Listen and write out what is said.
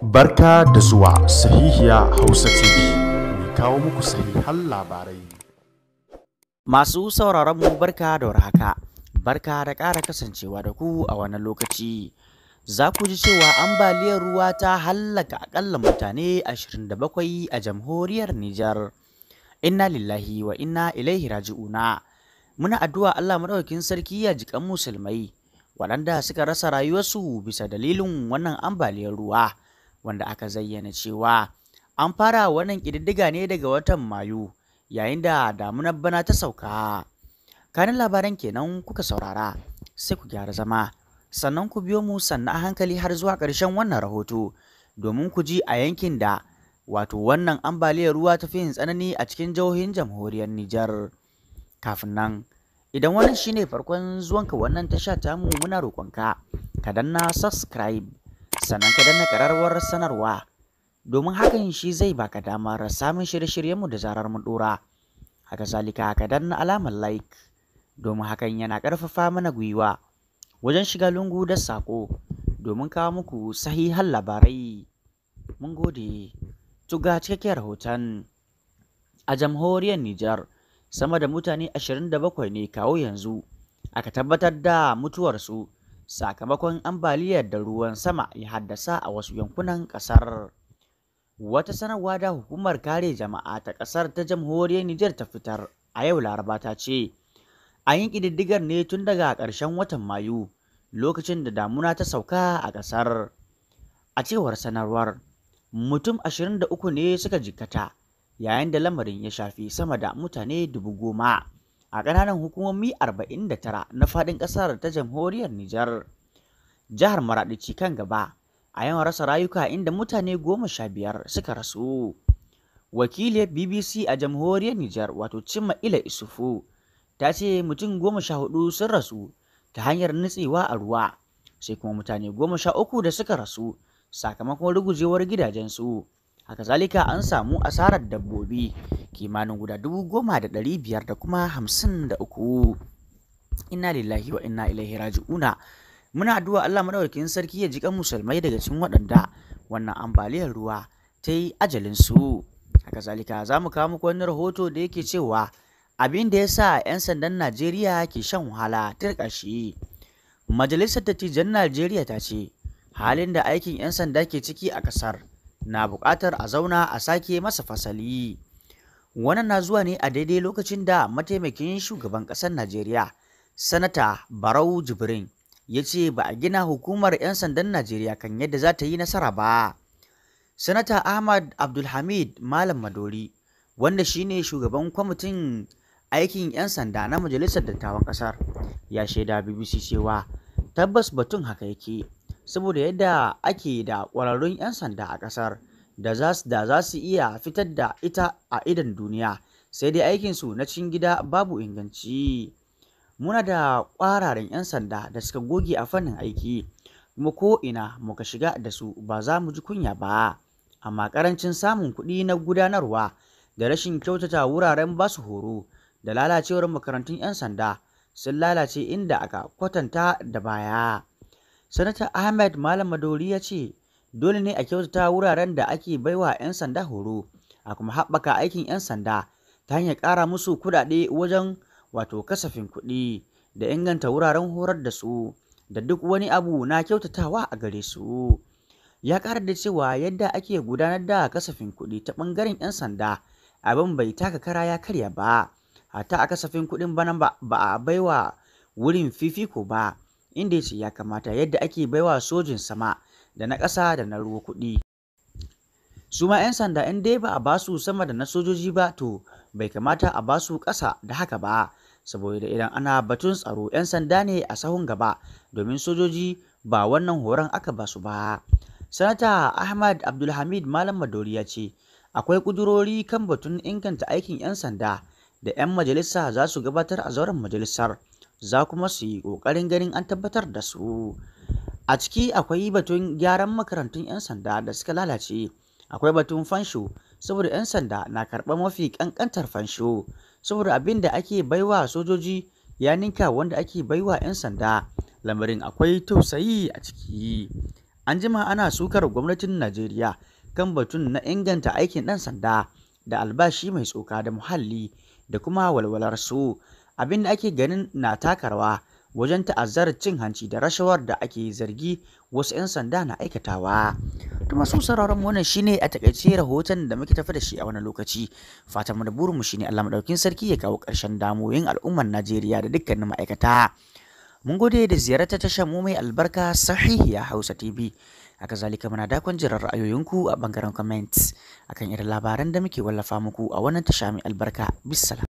Barka da zuwa sahihiya Hausa TV, mai kawo muku sahihan labarai. Masu sauraron mu barka da warhaka, barka da ƙara kasancewa da ku a wannan lokaci. Za ku ji cewa ambaliyar ruwa ta hallaka aƙalla mutane 27 a jamhuriyar Nijar. Inna lillahi wa inna ilaihi raji'una. Muna addu'a Allah maɗaukakin sarki ya jikan musulmai waɗanda suka rasa rayuwarsu bisa dalilin wannan ambaliyar ruwa. wanda aka zayyana cewa an fara wannan kididdiga ne daga watan mayu yayin da damunar bana ta sauka kanin labaran kenan kuka saurara sai ku gyara zama sannan ku biyo mu sannan a hankali har zuwa ƙarshen wannan rahoto domin ku ji a yankin da wato wannan ambaliyar ruwa ta fi yin tsanani a cikin jihohin jamhuriyar Nijar. Kafin nan, idan wannan shine farkon zuwanka wannan tasha tamu muna roƙonka, ka danna subscribe sannan ka danna kararwar sanarwa domin hakan shi zai baka damar samun shirye-shiryenmu da zarar mu ɗora. Haka zalika ka danna alamar like domin hakan yana ƙarfafa mana gwiwa wajen shiga lungu da saƙo domin kawo muku sahihan labarai. Mun gode. Tuga cikakken rahoton. A jamhuriyar Nijar, sama da mutane 27 ne kawo yanzu aka tabbatar da mutuwarsu. sakamakon ambaliyar da ruwan sama ya haddasa a wasu yankunan ƙasar. Wata sanarwa da hukumar kare jama'a ta ƙasar ta jamhuriyar Nijar ta fitar a yau Laraba ta ce, an yi ƙididdigar ne tun daga ƙarshen watan Mayu lokacin da damuna ta sauka a ƙasar. A cewar sanarwar, mutum ashirin da uku ne suka jikkata yayin da lamarin ya shafi sama da mutane dubu goma. a ƙananan hukumomi 49 na faɗin ƙasar ta jamhuriyar Nijar. Jihar Maraɗici kan gaba a yawan rasa rayuka inda mutane goma sha biyar suka rasu. Wakiliyar BBC a jamhuriyar Nijar wato Cimma Ila Isufu ta ce mutum goma sha hudu sun rasu ta hanyar nutsewa a ruwa sai kuma mutane goma sha uku da suka rasu sakamakon rugujewar gidajensu. Haka zalika an samu asarar dabbobi. kimanin guda dubu goma da ɗari biyar da kuma hamsin da uku inna lillahi wa inna ilaihi raji'una muna addu'a Allah madaukakin sarki ya jikan musulmai daga cikin waɗanda wannan ambaliyar ruwa ta yi ajalin su haka zalika za mu kawo muku wani rahoto da yake cewa abin da ya sa 'yan sandan Najeriya ke shan wahala ta ƙarshe. majalisar dattijan Najeriya ta ce halin da aikin 'yan sanda ke ciki a ƙasar na buƙatar a zauna a sake masa fasali Wannan na zuwa ne a daidai lokacin da mataimakin shugaban ƙasar Najeriya, Sanata Barau Jibrin, ya ce ba a gina hukumar 'yan sandan Najeriya kan yadda za ta yi nasara ba. Sanata Ahmad Abdulhamid Malam Madori, wanda shine shugaban kwamitin aikin 'yan sanda na Majalisar Dattawan Kasar ya shaida BBC cewa tabbas batun haka yake, saboda yadda ake da ƙwararrun 'yan sanda a ƙasar. da za su iya fitar da ita a idon duniya, sai dai aikinsu na cikin gida babu inganci. Muna da ƙwararren 'yan sanda da suka goge a fannin aiki, kuma ina muka shiga da su ba za mu ji kunya ba, amma ƙarancin samun kuɗi na gudanarwa da rashin kyautata wuraren ba su horo da lalacewar makarantun 'yan sanda sun lalace inda aka kwatanta da baya. Sanata Ahmed Malam Madori ya ce, dole ne a kyautata wuraren da ake baiwa 'yan sanda horo a kuma haɓaka aikin 'yan sanda ta hanyar ƙara musu kuɗaɗe wajen wato kasafin kuɗi da inganta wuraren horar da su da duk wani abu na kyautatawa a gare su ya ƙara da cewa yadda ake gudanar da kasafin kuɗi ta ɓangaren 'yan sanda abin bai taka kara ya karya ba hata a kasafin kuɗin bana ba a baiwa wurin fifiko ba inda ya ya kamata yadda ake baiwa sojin sama da na ƙasa da na ruwa kuɗi su ma 'yan sanda in dai ba a ba su sama da na sojoji ba to bai kamata a ba su ƙasa da haka ba saboda idan ana batun tsaro 'yan sanda ne a sahun gaba domin sojoji ba wannan horon aka ba su ba sanata ahmad abdulhamid malam madori ya ce akwai ƙudurori kan batun inganta aikin 'yan sanda da 'yan majalisa za su gabatar a zauren majalisar za kuma su yi ƙoƙarin ganin an tabbatar da su a ciki akwai batun gyaran makarantun 'yan sanda da suka lalace akwai batun fansho saboda 'yan sanda na karɓar mafi ƙanƙantar fansho saboda abin da ake baiwa sojoji ya ninka wanda ake baiwa 'yan sanda lamarin akwai tausayi a ciki an jima ana sukar gwamnatin najeriya kan batun na inganta aikin ɗan sanda da albashi mai tsoka da muhalli da kuma walwalar su abin da ake ganin na takarwa wajen ta'azzarar cin hanci da rashawar da ake zargi wasu 'yan sanda na aikatawa. To masu sauraron wannan ne a takaice rahoton da muke tafi da shi a wani lokaci. Fatan mu da Burinmu mu shine Allah madaukin sarki ya kawo ƙarshen damoyin al'ummar Najeriya da dukkanin ma'aikata. Mun gode da ziyartar tashar mu mai albarka sahihiya Hausa TV. haka zalika muna dakon jiran ra'ayoyinku a bangaren comments akan irin labaran da muke wallafa muku a wannan tasha mai albarka bisala